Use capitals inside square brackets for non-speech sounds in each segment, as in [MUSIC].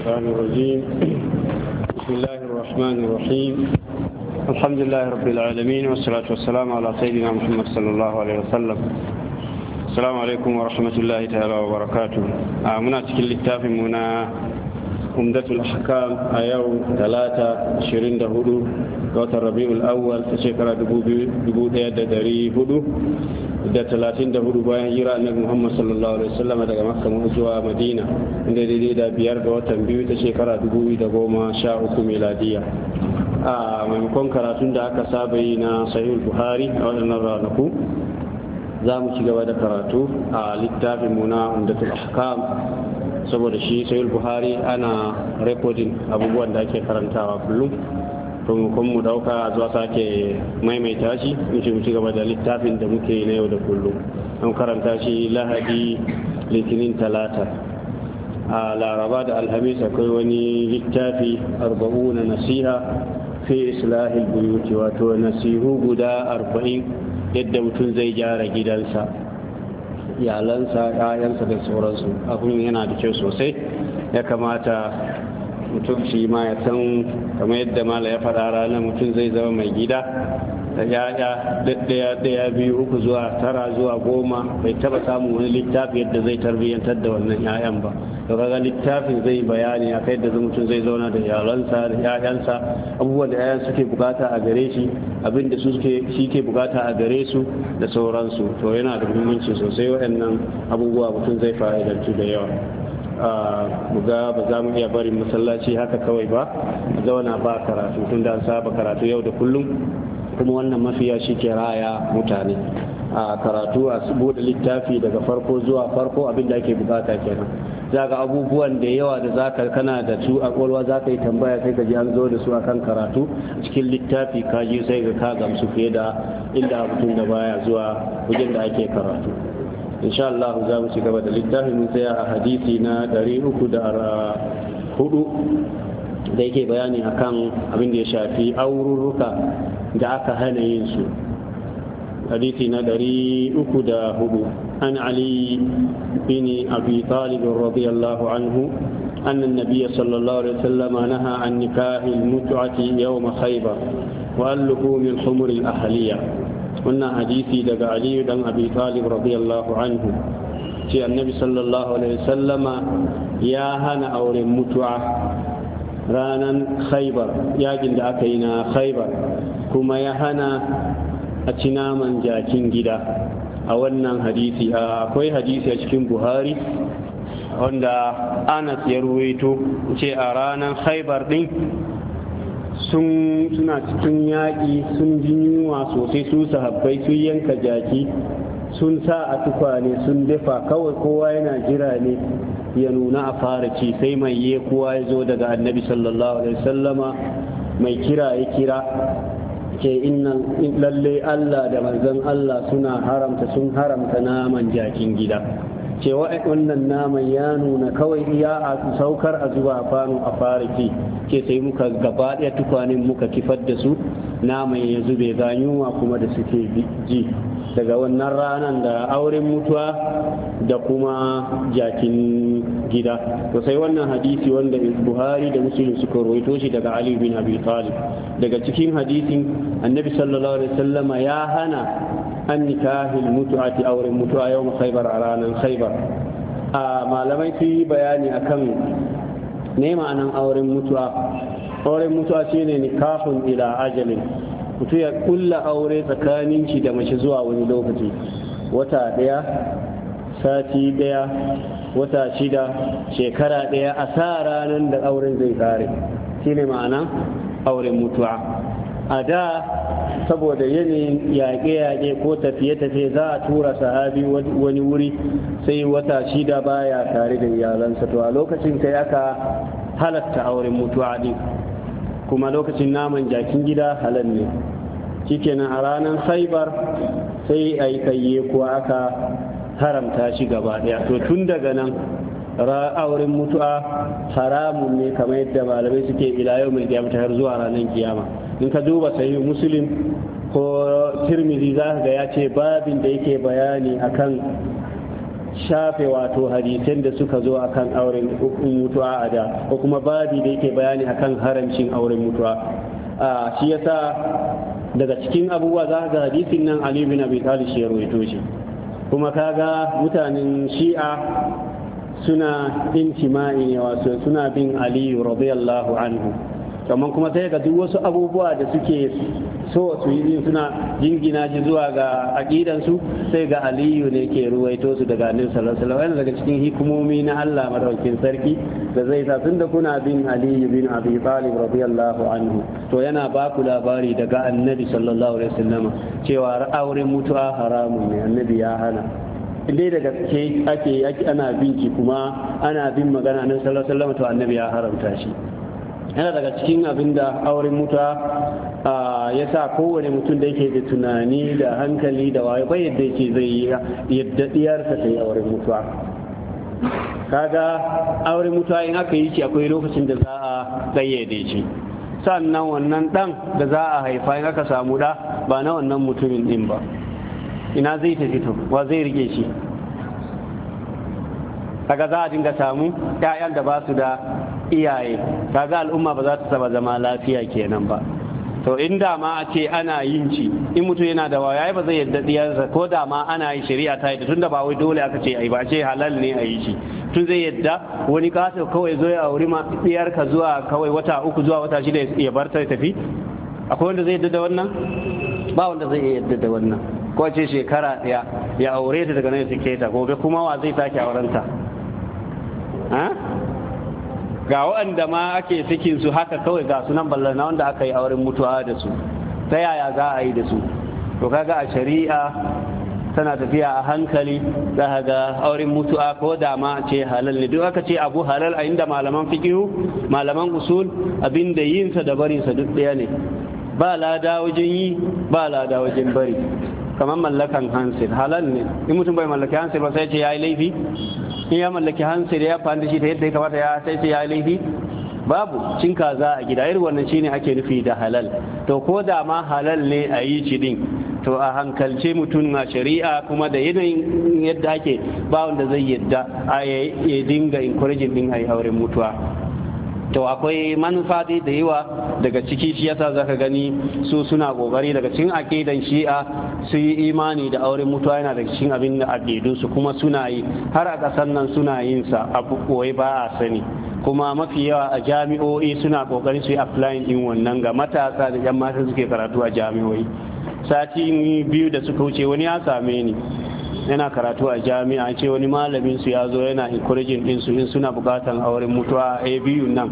الرحمن الرجيم بسم الله الرحمن الرحيم الحمد لله رب العالمين والصلاة والسلام على سيدنا محمد صلى الله عليه وسلم السلام عليكم ورحمة الله تعالى وبركاته آمنا تكل التافي منا umdatul ahkam a yau talata 24 ga watan rabi'ul awwal ta shekara 1400 da 34 bayan hira annabi Muhammad sallallahu alaihi wasallam daga Makka zuwa Madina inda daidai da biyar ga watan biyu ta shekara 2013 miladiya a maimakon karatun da aka saba yi na sahihul buhari a waɗannan ranaku za mu ci gaba da karatu a littafinmu na umdatul ahkam saboda shi sayul buhari ana rekodin abubuwan da ake karantawa kullum kun mu dauka zuwa sake maimaita shi muke ci gaba da littafin da muke na yau da kullum an karanta shi lahadi litinin talata a laraba da alhamis akwai wani littafi arba'u na nasiha fi islahil buyuti wato nasihu guda arba'in yadda mutum zai gyara gidansa iyalansa 'ya'yansa da sauransu abin yana da kyau sosai ya kamata mutum shi ma ya san kamar yadda mala ya faɗa rana mutum zai zama mai gida da ya'ya ɗaya ɗaya biyu uku zuwa tara zuwa goma bai taba samun wani littafi yadda zai tarbiyyantar da wannan ya'yan ba to kaga littafin zai bayani a kai da mutum zai zauna da yaransa da ya'yansa abubuwan da ya'yan suke bukata a gare shi abin da shi ke bukata a gare su da sauransu to yana da muhimmanci sosai waɗannan abubuwa mutum zai fa'idantu da yawa mu ga ba za mu iya barin masallaci haka kawai ba zauna ba karatu tun da an saba karatu yau da kullum kuma wannan mafiya shi ke raya mutane a karatu a bude littafi daga farko zuwa farko abin da ake bukata kenan za ga abubuwan da yawa da za ka kana da su a kwalwa za ka yi tambaya sai ka ji an zo da su akan karatu cikin littafi ka ji sai ka ka gamsu fiye da inda mutum da baya zuwa wajen da ake karatu إن شاء الله زاوي سكبة لله نزيع حديثنا دليل كدار هدوء ذيك بياني أكان أبن ديشا في أور ركا جاك هنينسو حديثنا دليل كدار هدوء عن علي بن أبي طالب رضي الله عنه أن النبي صلى الله عليه وسلم نهى عن نكاح المتعة يوم خيبر وأن من حمر الأهلية wannan hadisi daga aliyu dan abi talib radiyallahu anhu ce annabi sallallahu alaihi sallama ya hana auren mutuwa ranan khaibar yakin da aka yi na khaibar kuma ya hana a ci naman jakin gida a wannan hadisi akwai hadisi a cikin buhari wanda anas ya ruwaito ce a ranar khaibar din sun suna cikin yaƙi sun ji yunwa sosai su sahabbai sun yanka jaki sun sa a tukwane sun dafa kawai kowa yana jira ne ya nuna a fara ci sai mai ye kowa ya zo daga annabi sallallahu alaihi wasallama mai kira ya kira ke inna lalle Allah da manzon Allah suna haramta sun haramta naman jakin gida cewa wannan naman ya nuna kawai iya a saukar a zuwa a kwano a fara ke sai muka gaba ɗaya tukwanin muka kifar da su naman ya zube ga yunwa kuma da suke ji daga wannan ranar da auren mutuwa da kuma jakin gida to sai wannan hadisi wanda buhari da muslim suka rawaito shi daga ali bin abi talib daga cikin hadisin annabi sallallahu alaihi wasallama ya hana an nikahil mutu'ati auren mutu'a yawm khaybar a ranar khaibar a malamai su yi bayani akan ne ma'anan auren mutu'a auren mutu'a shine nikahun ila ajalin mutu ya kulla aure tsakanin shi da mace zuwa wani lokaci wata daya sati daya wata shida shekara daya a sa ranar da auren zai kare shine ma'ana auren mutu'a a da saboda yanayin yaƙe-yaƙe ko tafiye-tafiye za a tura sahabi wani wuri sai wata shida baya tare da iyalansa to a lokacin kai aka halatta auren mutuwa din kuma lokacin naman jakin gida halal ne shikenan a ranar haibar sai a yi kayye ko aka haramta shi gaba ɗaya to tun daga nan auren mutuwa haramun ne kamar yadda malamai suke ila yau mai har zuwa ranar kiyama in ka duba sai muslim ko tirmizi za ka ga ya ce babin da yake bayani akan shafe wato hadisan da suka zo akan auren umm mutuwa a da ko kuma babi da yake bayani akan haramcin auren mutuwa shi yasa daga cikin abubuwa za ga hadisin nan Ali bin Abi Talib shi ya rawaito shi kuma kaga mutanen Shi'a suna intima'i ne wato suna bin Ali radiyallahu anhu sannan kuma sai ga duk wasu abubuwa da suke so su yi suna jingina ji zuwa ga aƙidansu sai ga aliyu ne ke ruwaito su daga annabi sallallahu alaihi wasallam daga cikin hikumomi na Allah madaukin sarki da zai sa tunda kuna bin aliyu bin abi talib radiyallahu anhu to yana ba ku labari daga annabi sallallahu alaihi wasallam cewa auren mutuwa haramun ne annabi ya hana Inde da gaske ake ana bin ki kuma ana bin magana nan sallallahu alaihi wasallam to annabi ya haramta shi yana daga cikin abin da auren muta ya sa kowane mutum da yake da tunani da hankali da waye bai yadda yake zai yi yadda diyarsa ta yi auren mutuwa kaga auren mutuwa in aka yi shi akwai lokacin da za a gayyade shi sannan wannan dan da za a haifa in aka samu da ba na wannan mutumin din ba ina zai tafi to wa zai rike shi kaga za a dinga samu 'ya'yan da ba su da iyaye kaga al'umma ba za ta saba zama lafiya kenan ba to in da ma a ce ana yin ci in mutum yana da waya ba zai yadda diyarsa ko da ma ana yi shari'a ta yi tun tunda ba wai dole aka ce yi ba ce halal ne a yi shi tun zai yadda wani kaso kawai zo ya auri ma diyarka zuwa kawai wata uku zuwa wata shida ya bar ta tafi akwai wanda zai yadda da wannan ba wanda zai yadda da wannan ko ce shekara ɗaya ya aure ta daga nan ya sike ta gobe kuma wa zai sake aurenta ga waɗanda ma ake sakin su haka kawai ga sunan na wanda aka yi auren mutuwa da su ta yaya za a yi da su to kaga a shari'a tana tafiya a hankali za ka ga auren mutuwa ko da ma ce halal ne duk aka ce abu halal a inda malaman fikiru, malaman usul abin da yinsa da sa duk ɗaya ne ba lada wajen yi ba lada wajen bari kamar mallakan hansir halal ne in mutum bai mallaki hansir ba sai ce ya yi laifi in ya mallaki da ya fahimta shi ta yadda ya kamata ya sai sai ya laifi babu cin kaza a gida irin wannan shine ake nufi da halal to ko da ma halal ne a yi shi din to a hankalce mutum na shari'a kuma da yanayin yadda ake ba wanda zai yadda a ya dinga encouraging din a yi auren mutuwa to akwai manufa dai da yawa daga ciki shi yasa zaka gani su suna kokari daga cikin akidan shi'a su yi imani da auren mutuwa yana daga cikin abin da addidun su kuma suna yi har a kasan nan suna yin sa a koyi ba a sani kuma mafi yawa a jami'o'i suna kokarin su yi applying din wannan ga matasa da yan mata suke karatu a jami'o'i sati biyu da suka wuce wani ya same ni yana karatu a jami'a ce wani malamin su ya zo yana encouraging din su in suna bukatan auren mutuwa a ABU nan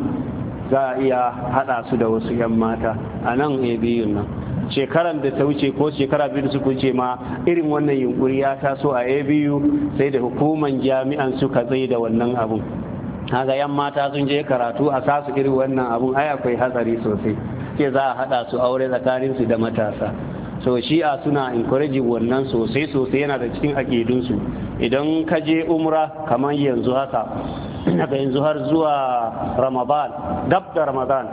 za a iya hada su da wasu yan mata a nan ABU nan shekaran da ta wuce ko shekara biyu da suka wuce ma irin wannan yunkuri ya taso a abu sai da hukuman jami'an suka tsaye da wannan abun haga yan mata sun je karatu a sasu irin wannan abun ai akwai hatsari sosai ke za a hada su aure tsakanin su da matasa so shi'a suna encouraging wannan sosai sosai yana da cikin aƙidunsu idan ka je umra kamar yanzu haka [CLEARS THROAT] daga yanzu har zuwa ramadan dab da ramadan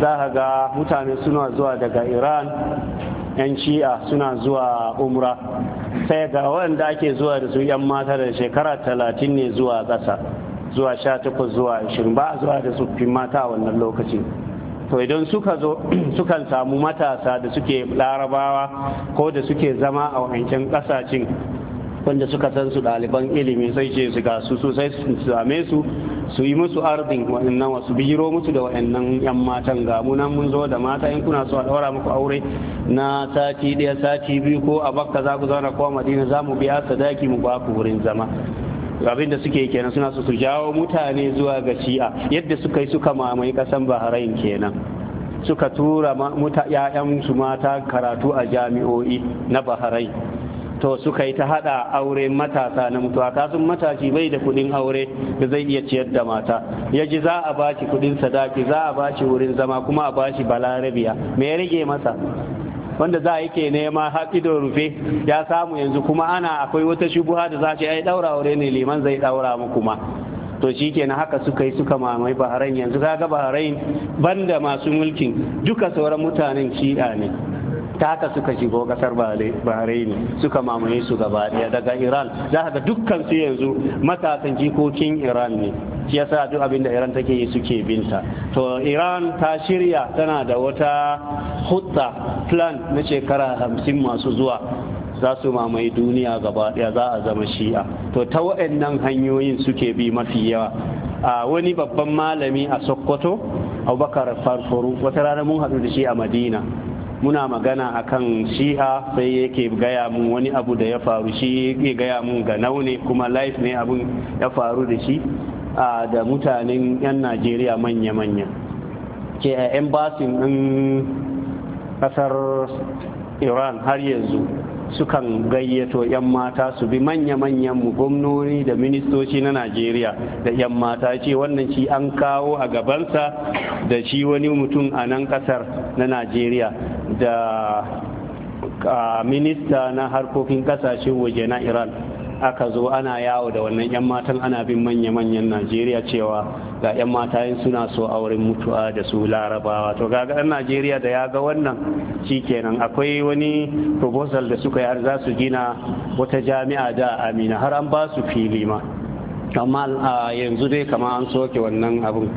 za ka ga mutane suna zuwa daga iran 'yan shi'a suna zuwa umra sai ga waɗanda ake zuwa da su 'yan mata da shekara talatin ne zuwa ƙasa zuwa sha takwas zuwa ashirin ba zuwa da tsoffin mata a wannan lokacin. to idan suka zo [CLEARS THROAT] sukan samu matasa da suke larabawa ko da suke zama a wancan ƙasashen wanda suka san su ɗaliban ilimi sai ce su ga su sosai su same su su yi musu ardin wa'annan wasu biro musu da wa'annan yan matan ga mu mun zo da mata in kuna so a ɗaura muku aure na sati ɗaya sati biyu ko a bakka za ku zauna ko a madina za mu biya sadaki mu ba ku wurin zama abin da suke kenan suna su jawo mutane zuwa ga shi'a yadda suka yi suka mamaye kasan bahrain kenan suka tura ‘ya'yansu mata karatu a jami'o'i na bahrain to suka yi ta hada aure matasa na mutuwa kasan matashi bai da kudin aure da zai iya ciyar da mata ya ji za a bashi kudin sadaki za a bashi wurin zama kuma a bashi balarabiya me ya rage masa wanda za a yake nema haƙido rufe ya samu yanzu kuma ana akwai wata shubuha da za a ce ai daura aure ne liman zai daura muku ma to shi kenan haka suka yi suka mamaye bahrain yanzu kaga bahrain banda masu mulkin duka sauran mutanen shi'a ne ta haka suka shigo kasar bahrain suka mamaye su gaba daya daga iran za ka ga dukkan su yanzu matasan jikokin iran ne shi yasa duk abin da iran take yi suke binta to iran ta shirya tana da wata hutsa plan na shekara hamsin masu zuwa za su mamaye duniya gaba daya za a zama shi'a to ta waɗannan hanyoyin suke bi mafi yawa a wani babban malami a sokoto abubakar farfaru wata rana mun haɗu da shi a madina muna magana a kan shi'a sai yake gaya mun wani abu da ya faru shi yake gaya mun ga naune kuma life ne abun ya faru da shi da mutanen 'yan najeriya manya-manya ke a embassy ɗin ƙasar iran har yanzu sukan gayyato 'yan mata su bi manya-manyan gwamnoni da ministoci na najeriya da 'yan mata ce wannan shi an kawo a gabansa da shi wani mutum a nan kasar na najeriya da minista na harkokin kasashen waje na iran aka zo ana yawo da wannan 'yan matan ana bin manya-manyan najeriya cewa ga 'yan mata yin suna so auren mutuwa da su larabawa to ga ɗan najeriya da ya ga wannan kenan akwai wani proposal da suka yi za su gina wata jami'a da amina har an ba su fili ma amma yanzu dai kama an soke wannan abin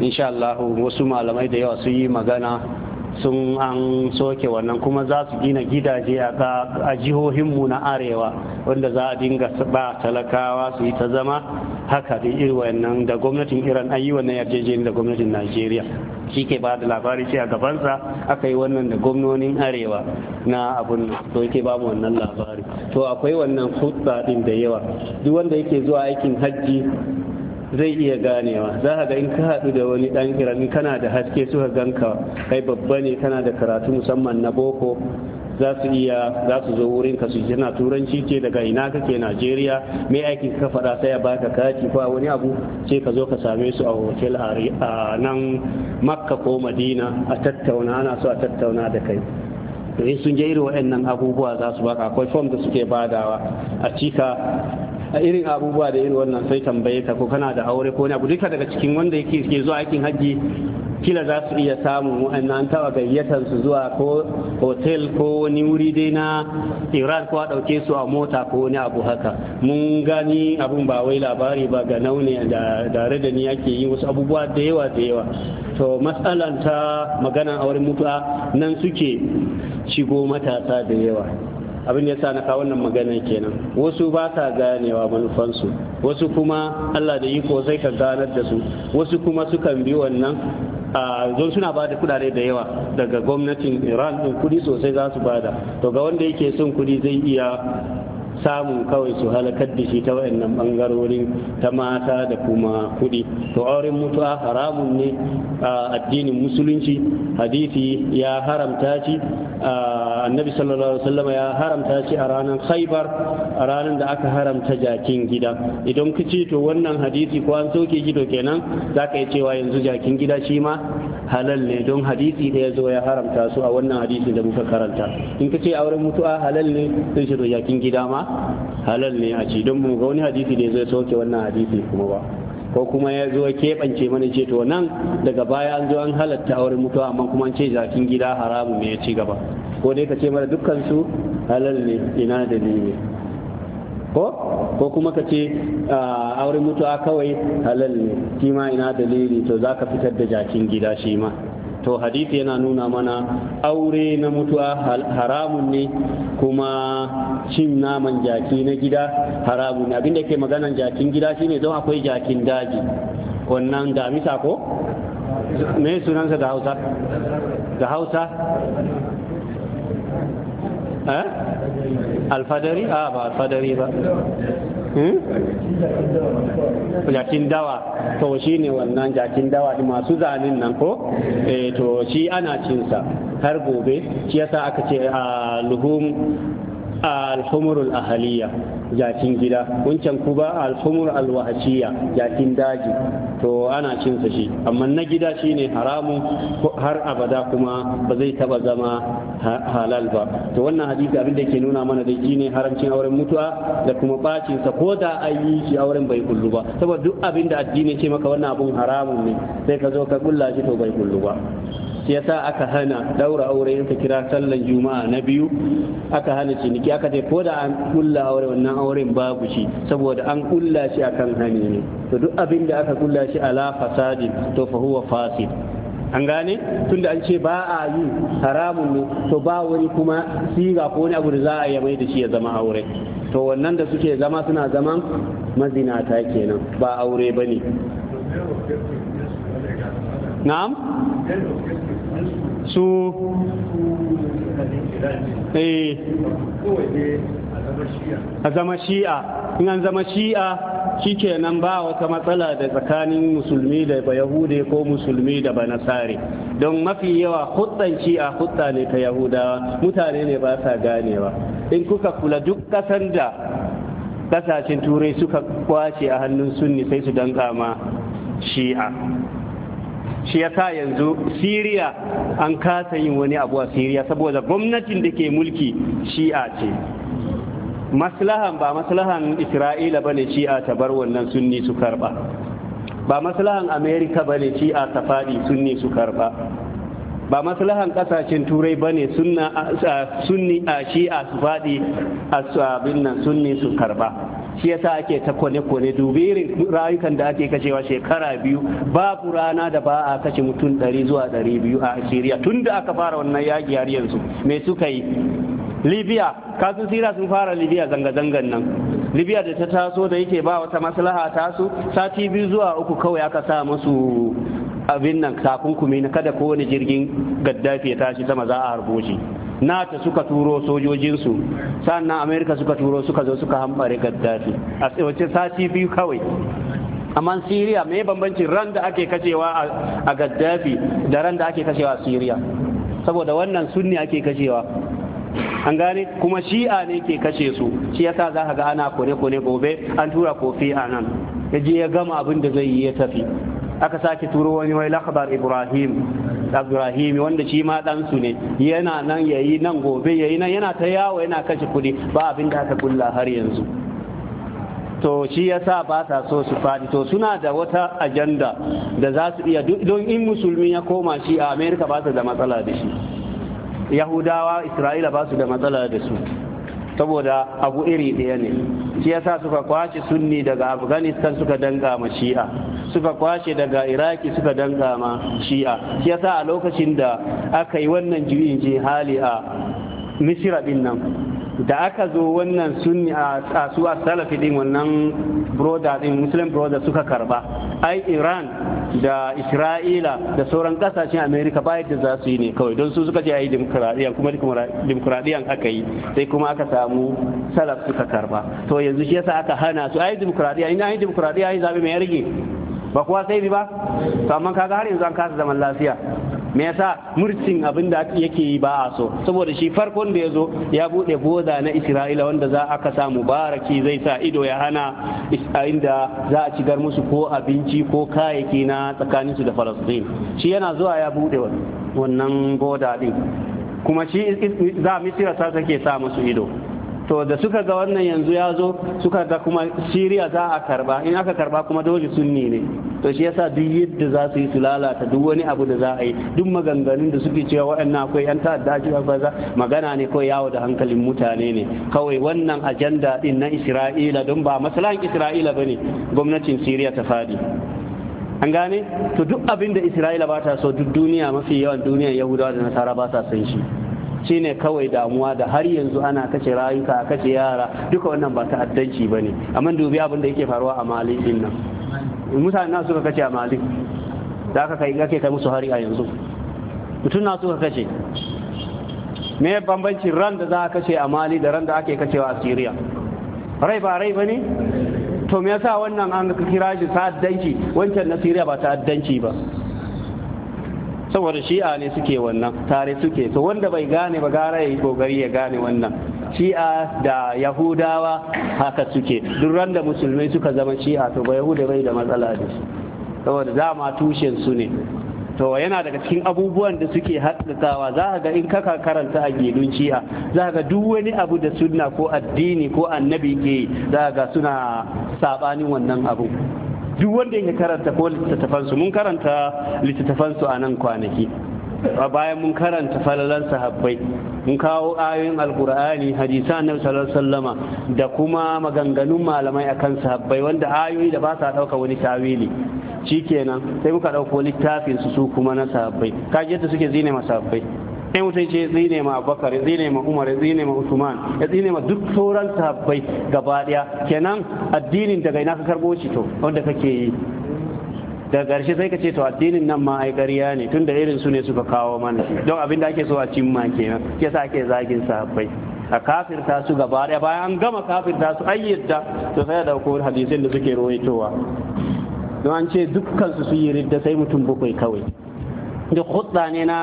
insha allahu, wasu malamai da yawa sun yi magana sun an soke wannan kuma za su gina gidaje a jihohinmu na arewa wanda za a dinga ba talakawa su yi ta zama haka da irin wannan da gwamnatin iran an yi wannan yarjejeni da gwamnatin najeriya shi ke ba da labari ce a gabansa aka yi wannan da gwamnonin arewa na abun to yake ba wannan labari to akwai wannan hutsa din da yawa duk wanda yake zuwa aikin hajji zai iya ganewa za ka ga in ka haɗu da wani ɗan kiramin kana da haske suka ka kai babba ne kana da karatu musamman na boko za su iya za su zo wurin ka su na turanci ce daga ina kake Najeriya mai aikin ka faɗa sai ya baka kaci ko wani abu ce ka zo ka same su a hotel a nan Makka ko Madina a tattauna ana so a tattauna da kai to sun je irin waɗannan abubuwa za su baka akwai fom da suke badawa a cika a irin abubuwa da irin wannan sai tambaye ka ko kana da aure ko wani abu duka daga cikin wanda yake ke zuwa aikin hajji kila za su iya samu an taba gayyatar su zuwa ko hotel ko wani wuri dai na iran ko a ɗauke su a mota ko wani abu haka mun gani abin ba wai labari ba ga naune da dare da ni ake yi wasu abubuwa da yawa da yawa to matsalan ta magana auren mutuwa nan suke shigo matasa da yawa abin da ya sa na kawo wannan magana kenan wasu ba ta ganewa manufansu wasu kuma Allah da iko sai ka ganar da su wasu kuma sukan bi wannan don suna ba da kudade da yawa daga gwamnatin iran kudi sosai za su bada to ga wanda yake son kudi zai iya samun kawai su halakar da shi ta wayannan bangarorin ta mata da kuma kuɗi to auren mutuwa haramun ne a addinin musulunci hadisi ya haramta shi annabi sallallahu alaihi wasallam ya haramta shi a ranar khaibar a ranar da aka haramta jakin gida idan ka to wannan hadisi ko an soke gido kenan za ka yi cewa yanzu jakin gida shi ma halal ne don hadisi da ya zo ya haramta su a wannan hadisi da muka karanta in ka ce auren mutuwa halal ne sun shi yakin gida ma halal ne a ci don mu ga wani hadisi da ya zo ya soke wannan hadisi kuma ba ko kuma ya zo keɓance mana ce to nan daga baya an zo an halatta auren mutuwa amma kuma an ce zakin gida haramu ne ya ci gaba ko dai ka ce mana dukkan su halal ne ina dalili ko ko kuma ka ce auren mutuwa kawai halal ne shi ma ina dalili to za ka fitar da jakin gida shi ma to hadisi yana nuna mana aure na mutuwa haramun ne kuma cin naman jaki na gida haramun ne abinda ke maganan jakin gida shi ne, don akwai jakin daji wannan damisa ko me sunansa da hausa da hausa eh alfadari a ah, ba alfadari ba hmm? jakin dawa to shi ne wannan jakin dawa masu zanen nan ko eh, to shi ana cinsa har gobe shi yasa aka ce a ah, luhum al ahaliyya jakin gida wancan kuma al alwahashiya jakin daji to ana cin sa shi amma na gida shine haramun har abada kuma ba zai taba zama halal ba to wannan hadisi abin da yake nuna mana dai shine haramcin auren mutuwa da kuma bacin sa ko da ayi shi auren bai kullu ba saboda duk abin da addini ce maka wannan abun haramun ne sai ka zo ka kulla shi to bai kullu ba shi yasa aka hana ɗaura aure in ka kira sallan juma'a na biyu aka hana ciniki aka ce ko da an kulla aure wannan auren babu shi saboda an kulla shi akan hani ne to duk abin da aka kulla shi ala fasadin to fa huwa fasid an gane tunda an ce ba a yi haramun ne to ba wani kuma siga ko wani abu da za a yi mai da shi ya zama aure to wannan da suke zama suna zaman mazinata kenan ba aure ba ne na'am su eh, a zama shi'a in an zama shi'a shikenan ba wata matsala da tsakanin musulmi da ba yahude ko musulmi da ba banasare don mafi yawa hutsan shi'a hutsa ne ta yahudawa mutane ne ba sa ganewa in kuka kula duk kasan da kasashen turai suka kwace a hannun sunni sai su danka ma shi'a shi sa yanzu Siriya an kasa yin wani abu a Siriya saboda gwamnatin da ke mulki shi'a ce maslahan ba maslahan Isra'ila ba ne shi'a ta bar wannan sunni su karba ba maslahan Amerika ba ne shi'a ta faɗi sunni su karba ba maslahan kasashen turai ba ne sunni a shi'a su faɗi a abin nan sunni su karba shi yasa ake ta kone-kone irin rayukan da ake kashewa shekara biyu babu rana da ba a kashe mutum dari zuwa dari biyu a Siriya tun da aka fara wannan yaƙi har yanzu me suka yi Libya kasu sira sun fara Libya zanga-zangan nan Libya da ta taso da yake ba wata maslaha tasu sati biyu zuwa uku kawai aka sa musu abin nan takunkumi na kada kowane jirgin gaddafi ya tashi sama za a harbo shi nata suka turo sojojinsu sannan amerika suka turo suka zo suka hambare gaddafi a tsawacin sati biyu kawai amma siriya mai bambancin ran da ake kashewa a gaddafi da ran da ake kashewa a siriya saboda wannan sunni ake kashewa an gane kuma shi'a ne ke kashe su shi yasa za ka ga ana kone-kone gobe an tura kofi a nan ya je ya gama abin da zai yi ya tafi aka sake turo wani wai lakhabar ibrahim ibrahim wanda shi ma dan su ne yana nan yayi nan gobe yayi nan yana ta yawo yana kashe kuɗi ba abin da aka kulla har yanzu to shi yasa ba ta so su fadi to suna da wata ajanda da za su iya don in musulmi ya koma shi a america ba su da matsala da shi yahudawa isra'ila ba su da matsala da su saboda abu iri ɗaya ne shi yasa suka kwashe sunni daga afghanistan suka danga ma shi'a suka kwashe daga iraki suka danga ma shi'a shi yasa a lokacin da aka yi wannan juyin hali a misira din nan da aka zo wannan sunni a su a salafi din wannan broda din muslim broda suka karba ai iran da isra'ila da sauran kasashen amerika ba yadda za su yi ne kawai don su suka je ayi demokuraɗiyya kuma demokuraɗiyyan aka yi sai kuma aka samu salaf suka karba to yanzu shi yasa aka hana su ayi demokuraɗiyya ina ayi demokuraɗiyya ayi zaɓe mai yarge ba kuwa sai bi ba to amma kaga har yanzu an kasa zaman lafiya me yasa murcin abin da yake yi ba a so saboda shi farkon da ya zo ya bude boda na isra'ila wanda za aka sa mubaraki zai sa ido ya hana inda za a cigar musu ko abinci ko kayayyaki na tsakaninsu da falastin shi yana zuwa ya bude wannan boda din kuma shi za misira ta take sa musu ido to da suka ga wannan yanzu ya zo suka ga kuma siriya za a karba in aka karba kuma dole sunni ne to shi yasa duk yadda za su yi su lalata duk wani abu da za a yi duk maganganun da suke cewa waɗannan akwai yan ta'adda shi kaza magana ne ko yawo da hankalin mutane ne kawai wannan ajanda din na Isra'ila don ba maslahan Isra'ila ne, gwamnatin Siriya ta fadi an gane to duk abin da Isra'ila ba ta so duk duniya mafi yawan duniya Yahudawa da Nasara ba sa san shi shine kawai damuwa da har yanzu ana kace rayuka kace yara duka wannan ba ta'addanci bane amma dubi abin da yake faruwa a Mali din nan mutane na suka kace a Mali da aka kai kake kai musu hari a yanzu mutum na suka kace me bambanci ran da za ka kace a Mali da ran da ake kacewa a Syria rai ba rai bane to me yasa wannan an kira shi ta'addanci wancan na Syria ba ta'addanci ba saboda shi'a ne suke wannan tare suke to wanda bai gane ba gara ya yi kokari ya gane wannan shi'a da yahudawa haka suke duk da musulmai suka zama shi'a to ba yahuda bai da matsala da su saboda dama tushen su ne to yana daga cikin abubuwan da suke haddatawa za ga in kaka karanta a gidun shi'a za ga duk wani abu da sunna ko addini ko annabi ke za ga suna sabanin wannan abu duk wanda ya karanta ko littattafansu mun karanta littattafansu a nan kwanaki a bayan mun karanta falalan sahabbai mun kawo ayoyin alkur'ani hadisa na sallallahu alaihi da kuma maganganun malamai akan sahabbai wanda ayoyi da ba sa dauka wani tawili kenan sai muka dauko littafin su su kuma na sahabbai kaje yadda suke zine ma sahabbai sai mutum ce zine ma bakar zine ma umar zine ma usman zine ma duk sauran sahabbai gaba daya kenan addinin daga ina ka karbo shi to wanda kake yi daga ƙarshe sai ka ce to addinin nan ma ai ƙarya ne tunda irin su ne suka kawo mana don abin da ake so a cimma kenan ke sa ake zagin sahabbai a kafirta su gaba daya bayan an gama kafirta su ayyadda to sai da ko hadisin da suke rawaitowa don an ce dukkan su su yi ridda sai mutum bakwai kawai duk hutsa ne na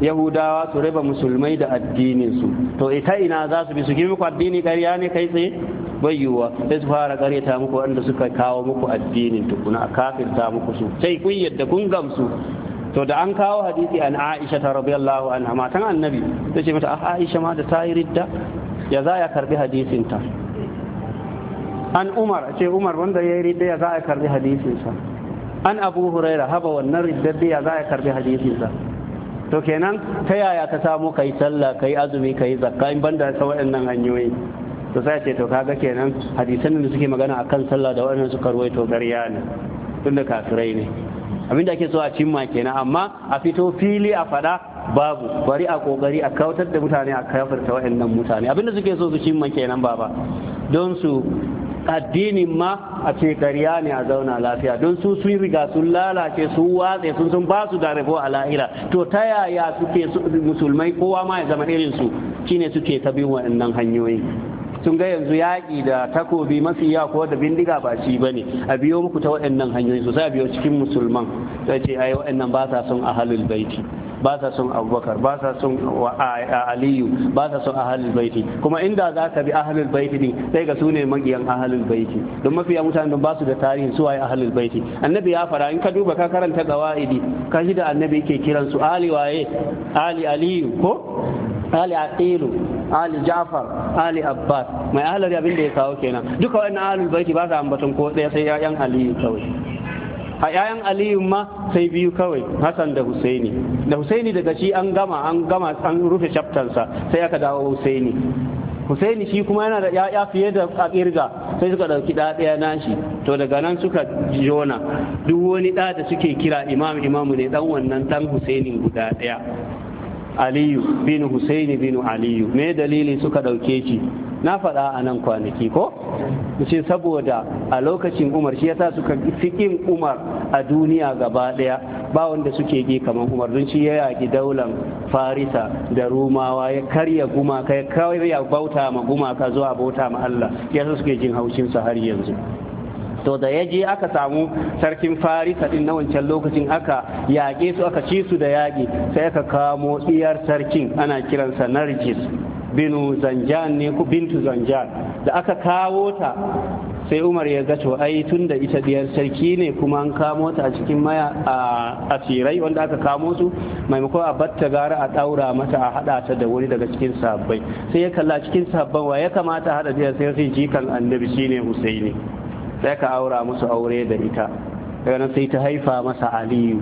yahudawa su raba musulmai da addinin su to ita ina za su bi su gimi ku addini ƙarya ne kai tsaye bai yiwuwa sai su fara ƙaryata muku wanda suka kawo muku addinin tukuna a kafirta muku su sai kun yadda kun gamsu to da an kawo hadisi an Aisha ta radiyallahu anha matan annabi Sai ce mata a ah, Aisha ma da ta yi ridda ya za ya karbi hadisin ta an Umar ce Umar wanda ya yi ridda ya za ya karbi hadisin sa an abu huraira haba wannan ya za a karbi hadisinsa to kenan ta yaya ka samu kai sallah yi azumi ka yi zakka in banda ta waɗannan hanyoyi to sai ce to kaga kenan hadisan da suke magana akan sallah da waɗannan suka ruwaito gariya ne da kafirai ne abin da ake so a cimma kenan amma a fito fili a faɗa babu bari a kokari a kautar da mutane a kafirta waɗannan mutane abin da suke so su cimma kenan baba don su addinin ma a ce ƙarya ne a zauna lafiya don su sun riga sun lalace sun watse sun sun ba su da rabo a lahira to ta yaya suke musulmai kowa ma ya zama irin su shine suke ta bin waɗannan hanyoyin. sun ga yanzu yaƙi da takobi mafi yawa ko da bindiga ba shi ba ne a biyo muku ta waɗannan hanyoyi sosai a biyo cikin musulman sai ce ai waɗannan ba sa son ahalul baiti ba sa son abubakar ba sa son aliyu ba sa son ahalul baiti kuma inda za ka bi ahalul baiti din sai ga su ne magiyan ahalul baiti don mafiya mutane don ba su da tarihin su waye ahalul baiti annabi ya fara in ka duba ka karanta qawaidi ka shi da annabi yake kiransu ali waye ali aliyu ko ali aqilu ali jafar ali abbas mai ahalar abin da ya kawo kenan duka wani ahalul baiti ba sa ambaton ko ɗaya sai yayan aliyu kawai a yayan aliyu ma sai biyu kawai hassan da husaini da husaini daga shi an gama an gama an rufe chaptansa sai aka dawo husaini husaini shi kuma yana da ya'ya fiye da a kirga sai suka ɗauki ɗa ɗaya nashi to daga nan suka jona duk wani ɗa da suke kira imam imamu ne ɗan wannan ɗan husainin guda ɗaya aliyu bin husaini bin aliyu me dalili suka ɗauke shi na faɗa a nan kwanaki ko saboda a lokacin umar shi yasa suka fiƙin umar a duniya gaba ɗaya ba wanda suke ƙi kamar umar don shi ya yaƙi daular farisa da rumawa ya karya gumaka ya bauta ma gumaka zuwa bauta ma allah yasa suke jin haushinsa har yanzu to da ya je aka samu sarkin farisa din na wancan lokacin aka yaƙe su aka ci su da yaƙi sai aka kamo tsiyar sarkin ana kiransa narjis binu zanjan ne bintu zanjan da aka kawo ta sai umar ya ga to ai tun da ita biyar sarki ne kuma an kamo ta a cikin maya a asirai wanda aka kamo su maimakon a batta gara a daura mata a hada ta da wuri daga cikin sabbai sai ya kalla cikin sabban wa ya kamata hada sai sai jikan annabi shine husaini sai ka aura musu aure da ita daga nan sai ta haifa masa aliyu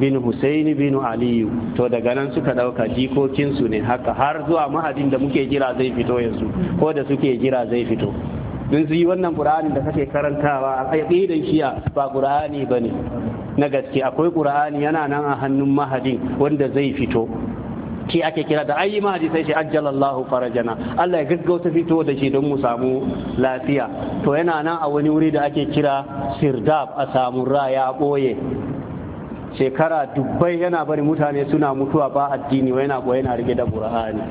bin husaini bin aliyu to daga nan suka ɗauka jikokinsu ne haka har zuwa mahadin da muke jira zai fito yanzu ko da suke jira zai fito dun su yi wannan ƙur'ani da kake karantawa a ƙaƙidan shiya ba ƙur'ani bane na gaske akwai ƙur'ani yana nan a hannun mahadin wanda zai fito Ki ake kira da ayi ma sai shi ajjalallahu farajana Allah ya gaggauta fito da shi don mu samu lafiya to yana nan a wani wuri da ake kira sirdab a samun raya ɓoye. shekara dubbai yana bari mutane suna mutuwa ba addini wa yana goye yana rike da qur'ani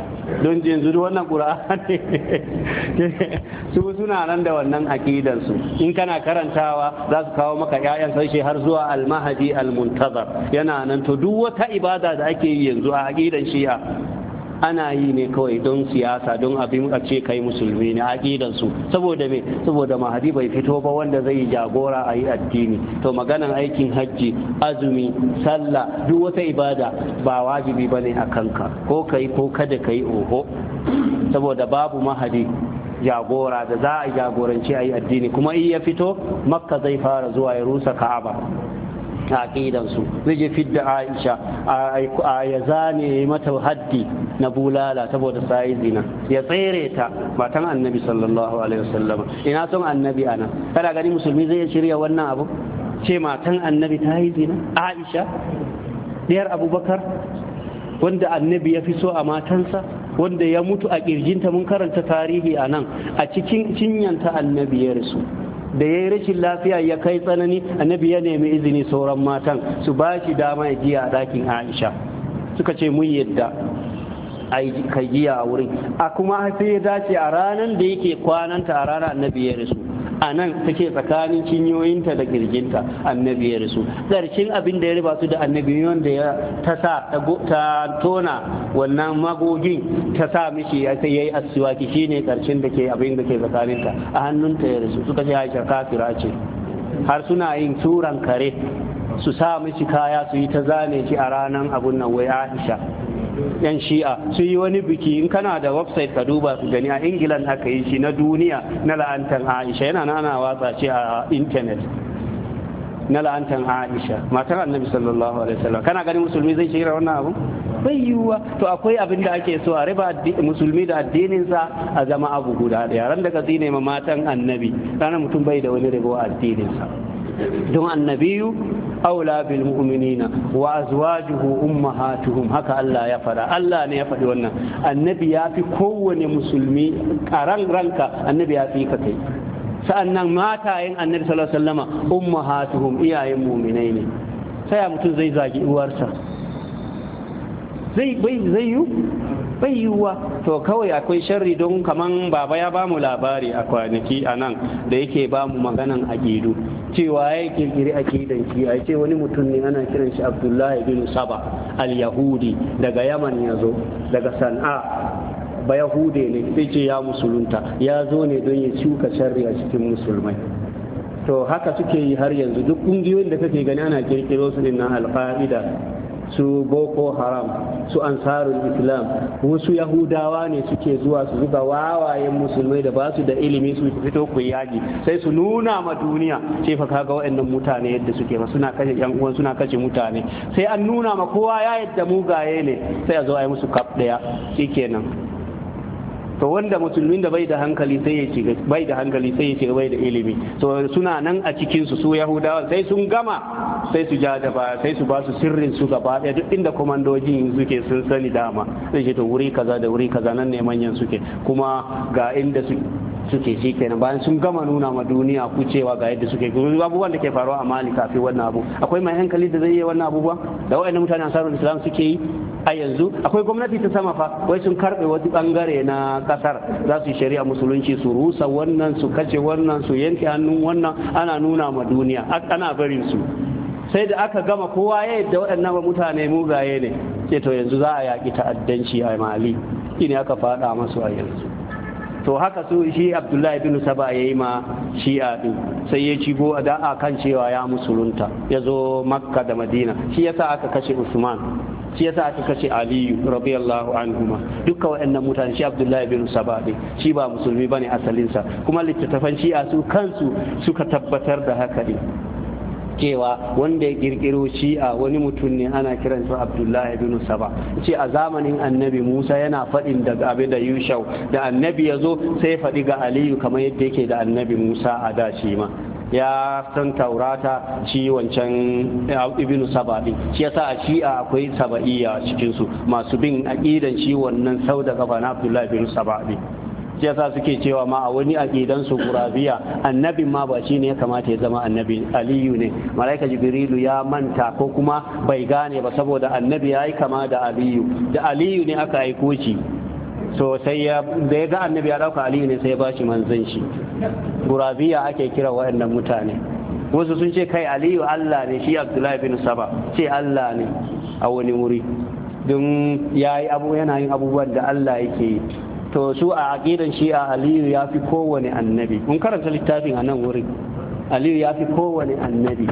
don yanzu duk wannan qur'ani [LAUGHS] su suna nan da wannan aqidan su in kana karantawa za su kawo maka ƴaƴan sai har zuwa al-mahdi al-muntazar yana nan to duk wata ibada da ake yi yanzu a aqidan shi'a ana yi ne kawai don siyasa don abin a ce kai musulmi ne a su saboda me saboda mahadi bai fito ba wanda zai yi jagora a yi addini to maganan aikin hajji azumi sallah duk wata ibada ba wajibi bane a kanka ko kai ko kada kai oho saboda babu mahadi jagora da za a jagoranci a yi addini kuma in ya fito makka zai fara zuwa ya rusa ka'aba ta su zai je fidda Aisha a ya zane mata haddi na bulala saboda sai zina ya tsere ta matan annabi sallallahu alaihi wasallam ina son annabi ana kana gani musulmi zai shirya wannan abu ce matan annabi ta yi zina Aisha diyar Abubakar wanda annabi ya fi so a matansa wanda ya mutu a kirjinta mun karanta tarihi a nan a cikin cinyanta annabi ya rasu da ya yi rashin lafiya ya kai tsanani annabi ya nemi izini sauran matan su ba shi dama ya giya a ɗakin aisha suka ce mun yadda kai giya a wurin a kuma sai ya dace a ranar da yake kwananta a ranar annabi ya rasu a nan take tsakanin cinyoyinta da kirginta annabi ya rasu ƙarshen abin da ya riba su da annabi wanda ya ta sa ta tona wannan magogin ta sa mishi ya sai yayi shi shine ƙarshen da ke abin da ke tsakaninta a hannunta ya rasu suka ce Aisha kafira ce har suna yin turan kare su sa mishi kaya su yi ta zane shi a ranar abun nan wai Aisha yan shi'a su yi wani biki in kana da website ka duba su gani a england haka yi shi na duniya na la'antar aisha yana nana watsa ce a internet na la'antar aisha matar annabi sallallahu alaihi wasallam kana ganin musulmi zai shira wannan abu bai yiwuwa to akwai abin da ake so a riba musulmi da addininsa a zama abu guda da yaran daga zine ma matan annabi ranar mutum bai da wani rabo addininsa don annabiyu aula bil mu'minina wa azwajuhu ummahatuhum haka Allah ya fara Allah ne ya faɗi wannan annabi ya fi kowane musulmi karan ranka annabi ya fi ka kai sa'annan matayen annabi sallallahu alaihi wasallama ummahatuhum iyayen mu'minai ne sai mutum zai zagi uwarsa zai bai zai yi bai yiwuwa to kawai akwai sharri don kaman baba ya bamu labari a kwanaki a nan da yake bamu maganan aƙidu cewa ya kirkiri aƙidan shi a ce wani mutum ne ana kiran shi abdullahi bin saba al-yahudi daga yaman ya zo daga san'a ba yahude ne sai ce ya musulunta ya zo ne don ya shuka sharri a cikin musulmai to haka suke yi har yanzu duk kungiyoyin da kake gani ana kirkiro su din al alfa'ida su boko haram su ansarul islam wasu yahudawa ne suke zuwa su zuba wawayen musulmai da ba su da ilimi su fito ku yaji sai su nuna ma duniya sai fa kaga waɗannan mutane yadda suke ba suna kashe yan uwan suna kashe mutane sai an nuna ma kowa ya yadda mugaye ne sai a zo a yi musu kaf daya shikenan to wanda musulmin da bai da hankali sai ya shiga bai da hankali sai ya ci bai da ilimi to suna nan a cikin su su yahudawa sai sun gama sai su ja da ba sai su ba su sirrin su gaba ɗaya duk inda komandojin suke sun sani dama zai ce to wuri kaza da wuri kaza nan ne manyan suke kuma ga inda su suke shi kenan bayan sun gama nuna ma duniya ku cewa ga yadda suke abubuwan da ke faruwa a mali kafin wannan abu akwai mai hankali da zai yi wannan abubuwa da wayannan mutanen ansarul islam suke yi a yanzu akwai gwamnati ta sama fa wai sun karbe wasu bangare na kasar za su yi shari'a musulunci su rusa wannan su kace wannan su yanke hannun wannan ana nuna ma duniya ana barin su sai da aka gama kowa ya yadda waɗannan mutane mugaye ne ce to yanzu za a yaƙi ta'addanci a mali ne aka faɗa masu a yanzu to haka su shi abdullahi bin saba ya yi ma shi'a din sai ya ci da a kan cewa ya musulunta ya zo makka da madina shi yasa aka kashe usman shi yasa aka kashe aliyu radiyallahu anhuma dukka waɗannan mutane shi abdullahi bin saba shi ba musulmi ba ne asalinsa kuma littattafan shi'a su kansu suka tabbatar da haka ne cewa wanda ya kirkiro a wani mutum ne ana kiran su abdullahi bin saba ce a zamanin annabi musa yana faɗin da abin da yushau da annabi ya zo sai faɗi ga aliyu kamar yadda yake da annabi musa a da shi ma ya san taurata shi wancan eh, ibn saba din shi yasa a shi'a akwai saba'iyya cikinsu masu bin aqidan shi wannan sau da gaba na abdullahi bin saba yasa suke cewa ma a wani aqidan su gurabiya annabi ma ba shine ya kamata ya zama annabi aliyu ne malaika jibrilu ya manta ko kuma bai gane ba saboda annabi yayi kama da aliyu da aliyu ne aka aiko shi so sai ya da ya ga annabi ya dauka aliyu ne sai ya bashi manzon shi gurabiya ake kira waɗannan mutane wasu sun ce kai aliyu allah ne shi abdullahi bin saba ce allah ne a wani wuri don ya yi yana yin abubuwan da allah yake yi to su a aqidan shi'a aliyu ya fi kowane annabi mun karanta littafin a nan wurin aliyu ya fi kowane annabi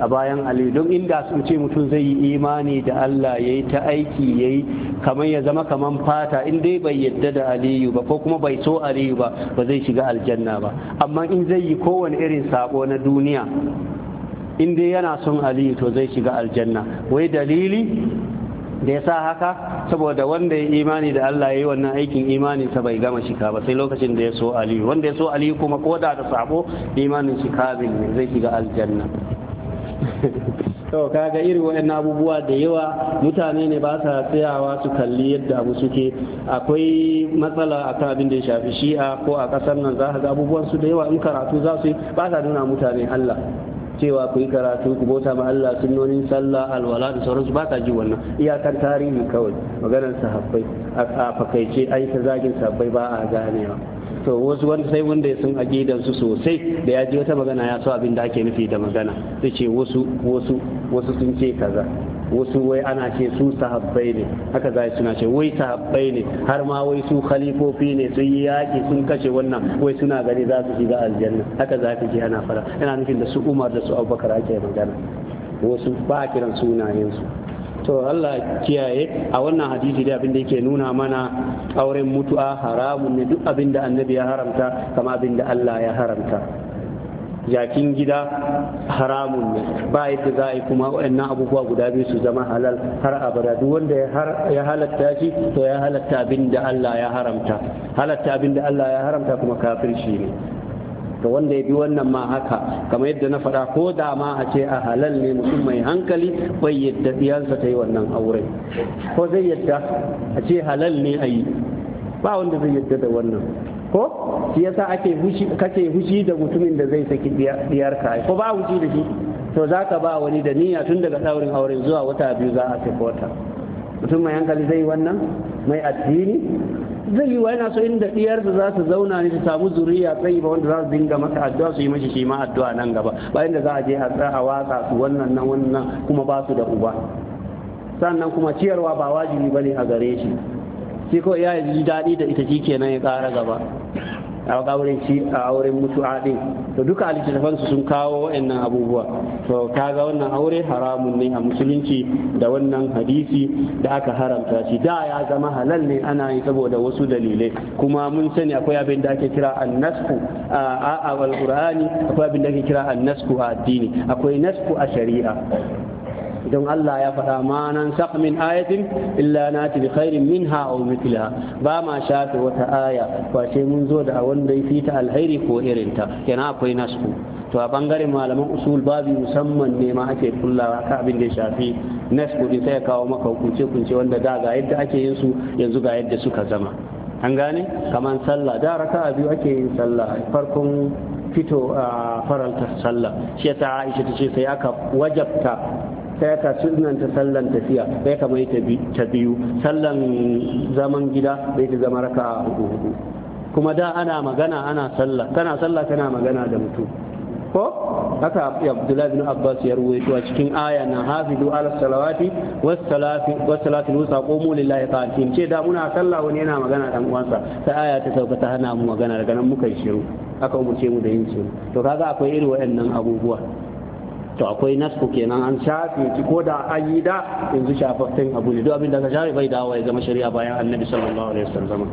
a bayan aliyu don inda sun ce mutum zai yi imani da allah ya yi ta aiki ya yi kamar ya zama kamar fata in dai bai yadda da aliyu ba ko kuma bai so aliyu ba ba zai shiga aljanna ba amma in zai yi kowane irin sako na duniya in dai yana son aliyu to zai shiga aljanna wai dalili da ya sa haka saboda wanda ya imani da Allah ya yi wannan aikin imani sa bai gama shika ba sai lokacin da ya so aliyu wanda ya so aliyu kuma koda da sabo imanin shi kabil ne zai shiga aljanna [LAUGHS] to kaga irin waɗannan abubuwa da yawa mutane ne ba sa tsayawa su kalli yadda abu suke akwai matsala a kan abin da ya shafi shi'a ko a ƙasar nan za ka ga abubuwan su da yawa in karatu za su yi ba sa nuna mutane Allah cewa ku yi karatu ku bota ma Allah sunnonin sallah alwala da sauransu ba ta ji wannan iyakar tarihi kawai maganar sahabbai a fakaice ai ta zagin sahabbai ba a ganewa to wasu wanda sai wanda ya san aqidan su sosai da ya ji wata magana ya so abin da ake nufi da magana sai ce wasu wasu wasu sun ce kaza wasu wai ana ce su sahabbai ne haka za suna ce wai sahabbai ne har ma wai su khalifofi ne sun yi yaƙi sun kashe wannan wai suna gani za su shiga aljanna haka za ka ji ana fara yana nufin da su umar da su abubakar ake magana wasu ba kiran sunayensu to Allah kiyaye a wannan hadisi da abinda yake nuna mana auren mutu'a haramun ne duk abinda annabi ya haramta kama abinda Allah ya haramta jakin gida haramun ne ba yadda za a yi kuma waɗannan abubuwa guda biyu su zama halal har abada duk wanda ya halatta shi to ya halatta abin da Allah ya haramta halatta abin da Allah ya haramta kuma shi ne to wanda ya bi wannan ma haka kamar yadda na faɗa ko da ma a ce a halal ne mutum mai hankali bai yadda iyansa ta yi wannan aure ko zai yadda a ce halal ne a yi ba wanda zai yadda da wannan ko shi yasa ake hushi kake hushi da mutumin da zai saki biyar kai ko ba hushi da shi to zaka ba wani da niyya tun daga daurin aure zuwa wata biyu za a saki wata mutum mai hankali zai wannan mai addini zai yi yana so inda diyar da za su zauna ne su samu zuriya tsayi ba wanda za su dinga masa addu'a su yi mashi shi ma addu'a nan gaba bayan da za a je a tsaya a waka su wannan nan wannan kuma ba su da uba sannan kuma ciyarwa ba wajibi ba ne a gare shi shi ko ya ji daɗi da ita shikenan ya ƙara gaba a ƙaurin ci a auren mutu din to duka littattafan su sun kawo wa'annan abubuwa to ga wannan aure haramun ne a musulunci da wannan hadisi da aka haramta shi da ya zama halal ne ana yi saboda wasu dalilai kuma mun sani akwai abin da ake kira annasku a alqur'ani akwai abin da ake kira annasku a addini akwai nasku a shari'a don Allah ya faɗa ma nan saq min ayatin illa nati bi khairin minha aw mithliha ba ma shafe wata aya face mun zo da wanda ya ta alheri ko irinta kenan akwai nasku? to a bangaren malaman usul babi musamman ne ma ake kullawa ka abin da ya shafi nas kudi sai kawo maka hukunce kunce wanda da ga yadda ake yin su yanzu ga yadda suka zama an gane kamar sallah da raka biyu ake yin sallah farkon fito a faranta sallah shi ta aisha ta ce sai aka wajabta sai ka sunanta sallan tafiya sai ka ta biyu sallan zaman gida bai ta zama raka hudu hudu kuma da ana magana ana sallah kana sallah kana magana da mutum ko haka abdullahi bin abbas ya ruwaito a cikin aya na hafidu ala salawati was salati musa qumu lillahi qanitin ce da muna sallah wani yana magana dan uwansa sai aya ta sauka ta hana mu magana daga nan muka shiru aka umurce mu da yin shiru to kaga akwai irin waɗannan abubuwa to akwai nasku kenan an shafe ci ko da an yi da yanzu shafaffen abu ne duk abin da ka shafe bai dawo ya zama shari'a bayan annabi sallallahu alaihi wasallam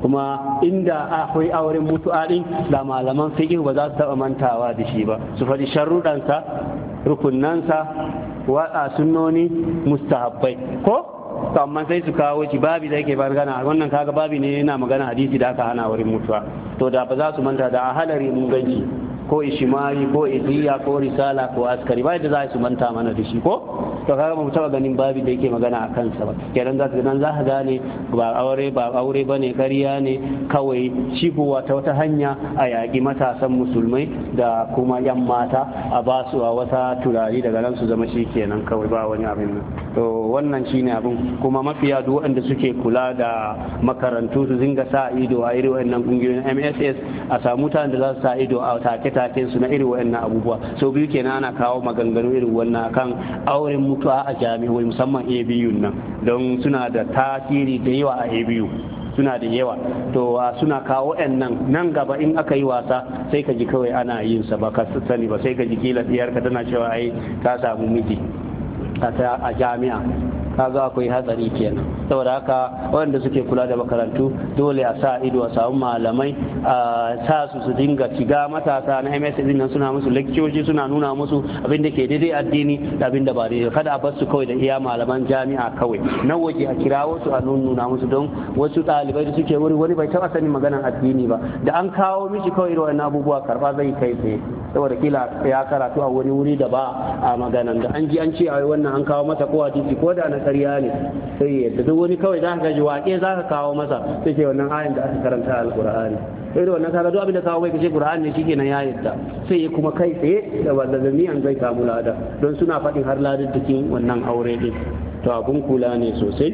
kuma inda akwai auren mutu'a din da malaman fiqh ba za su taba mantawa da shi ba su faɗi sharruɗansa rukunnansa wa sunnoni mustahabbai ko to amma sai su kawo shi babi da yake magana wannan kaga babu ne yana magana hadisi da aka hana wurin mutuwa to da ba za su manta da a mun ganci ko ishimari ko idiya ko risala ko askari bai da za su manta mana da shi ko to kaga mu taba ganin babi da yake magana a kansa ba kenan za ka nan za ka gane ba aure ba aure bane ƙarya ne kawai shi kowa ta wata hanya a yaƙi matasan musulmai da kuma yan mata a ba su a wata turare daga nan su zama shi kenan kawai ba wani abin nan to wannan shine abin kuma mafiya duk waɗanda suke kula da makarantu su dinga sa ido a irin wannan kungiyoyin MSS a samu mutanen da za su sa ido a take zafin su na irin wayannan abubuwa sau biyu kenan ana kawo maganganu irin wannan kan auren mutuwa a jami'oi musamman abu nan don suna da tasiri da yawa a abu suna da yawa to suna kawo yan nan nan gaba in aka yi wasa sai ka ji kawai ana yin sa ba ka sani ba sai ka ji kila ka tana cewa ai ta samu miji a jami'a kaga akwai hatsari kenan saboda haka waɗanda suke kula da makarantu dole a sa ido a samu malamai a sa su su dinga shiga matasa na MS nan suna musu lekcioji suna nuna musu abin da ke daidai addini da abin da ba daidai kada a bar su kawai da iya malaman jami'a kawai nan waje a kira wasu a nuna musu don wasu ɗalibai da suke wuri wani bai taɓa sani maganar addini ba da an kawo mishi kawai irin wannan abubuwa karɓa zai kai tsaye saboda kila ya karatu a wani wuri da ba a maganan da an ji an ce a wannan an kawo masa ko hadisi ko da na ƙarya ne sai yadda duk wani kawai za ka gaji waƙe za ka kawo masa sai ce wannan ayin da aka karanta alƙur'ani sai da wannan kaga duk abin da kawo mai ce ƙur'ani shi kenan ya yadda sai ya kuma kai tsaye da wanda zai samu lada don suna faɗin har ladin wannan aure din to abun kula ne sosai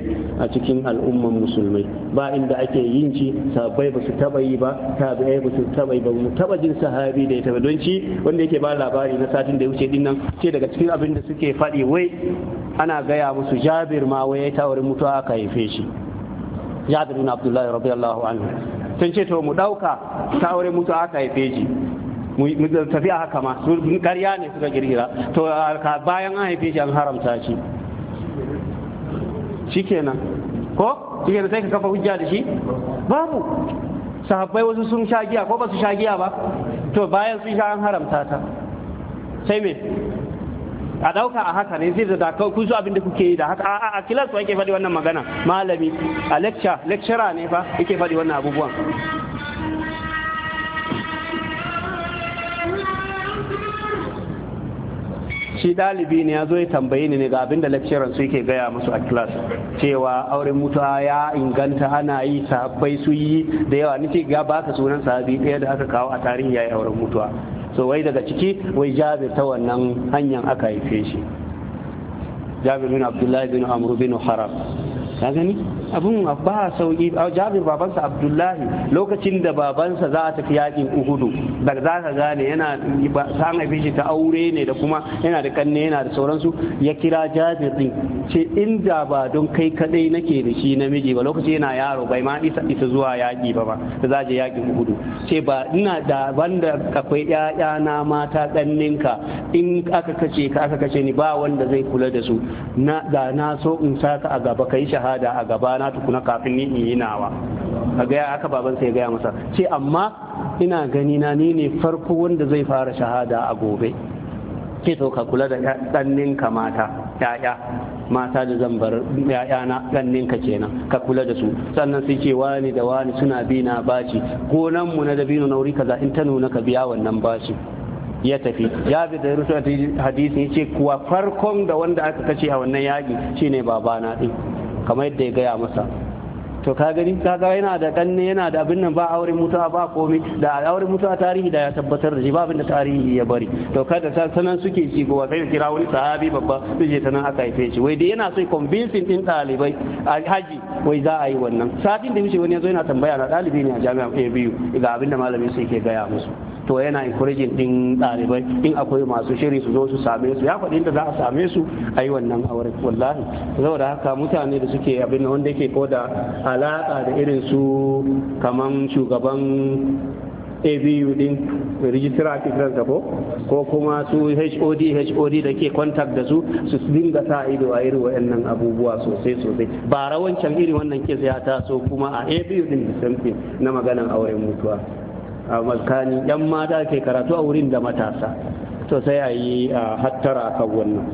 a cikin al'umman musulmai ba inda ake yin ci sabai ba su taba yi ba tabi'ai ba su taba yi ba mu taba jin sahabi da ya taba don ci wanda yake ba labari na satin da ya wuce din nan ce daga cikin abin da suke faɗi wai ana gaya musu jabir ma wai ya tawarin mutuwa aka haife shi jabir bin abdullahi radiyallahu anhu sun ce to mu ɗauka tawarin mutuwa aka haife shi mu tafi haka ma ƙarya ne suka kirkira to bayan an haife shi an haramta shi shikenan ko shikenan sai ka kafa hujja da shi babu sahabbai wasu sun sha giya ko ba su sha giya ba to bayan sun sha an haramta ta sai me a dauka a haka ne zai da ku zo abin da kuke yi da haka a a kilas yake faɗi wannan magana malami a lecture lecturer ne fa yake faɗi wannan abubuwan shi ɗalibi ne ya zo ya tambaye ni ga abin da lecturer su yake gaya musu a class cewa auren mutuwa ya inganta ana yi sahabbai su yi da yawa nake ga ka sunan sahabi ɗaya da aka kawo a tarihi yayi auren mutuwa so wai daga ciki wai jabir ta wannan hanyar aka haife shi jabir bin abdullahi bin amru bin haram ka gani abin ba sauki jabir babansa abdullahi lokacin da babansa za a tafi yakin uhudu da za ka gane yana san haife shi ta aure ne da kuma yana da kanne yana da sauransu ya kira jabir din ce inda ba don kai kadai nake da shi namiji ba lokacin yana yaro bai ma isa isa zuwa yaki ba ba da za je yakin uhudu ce ba ina da banda akwai ƴaƴa na mata kanninka in aka kace ka aka kace ni ba wanda zai kula da su na da na so in saka a gaba kai shahada a gaba na tukuna kafin ni in yi nawa a gaya aka baban sai gaya masa ce amma ina gani na ni ne farko wanda zai fara shahada a gobe ke to ka kula da ɗanninka mata ya'ya mata da zan bar ya'yana ɗanninka kenan ka kula da su sannan sai ce wani da wani suna bi na baci gonan mu na dabino na wuri kaza in ta nuna ka biya wannan baci ya tafi ya bi da rusu hadisi ya ce kuwa farkon da wanda aka kace a wannan yaƙi shine babana ɗin kamar yadda ya gaya masa to ka gani ga yana da kanne yana da abin nan ba auren mutuwa ba komai da auren mutuwa tarihi da ya tabbatar da shi ba abin da tarihi ya bari to kada da sanan suke ci gowa sai kira wani sahabi babba su je aka haife shi wai dai yana so convincing din dalibai a haji wai za a yi wannan satin da mishi wani yazo yana tambaya na dalibi ne a jami'a A eh, biyu ga abin da malami sai ke gaya musu to yana encouraging din ɗalibai in akwai masu shiri su zo su same su ya faɗi inda za a same su a yi wannan aure. wallahi saboda haka mutane da suke abin wanda yake ko da alaƙa da irin su kaman shugaban abu din registrar fitran ko ko kuma su hod hod da ke contact da su su dinga sa ido a irin wa'annan abubuwa sosai sosai ba rawancan irin wannan kesa ya taso kuma a abu din da na maganan auren mutuwa a malkani yan mata ke karatu a wurin da matasa to sai a yi hattara kan wannan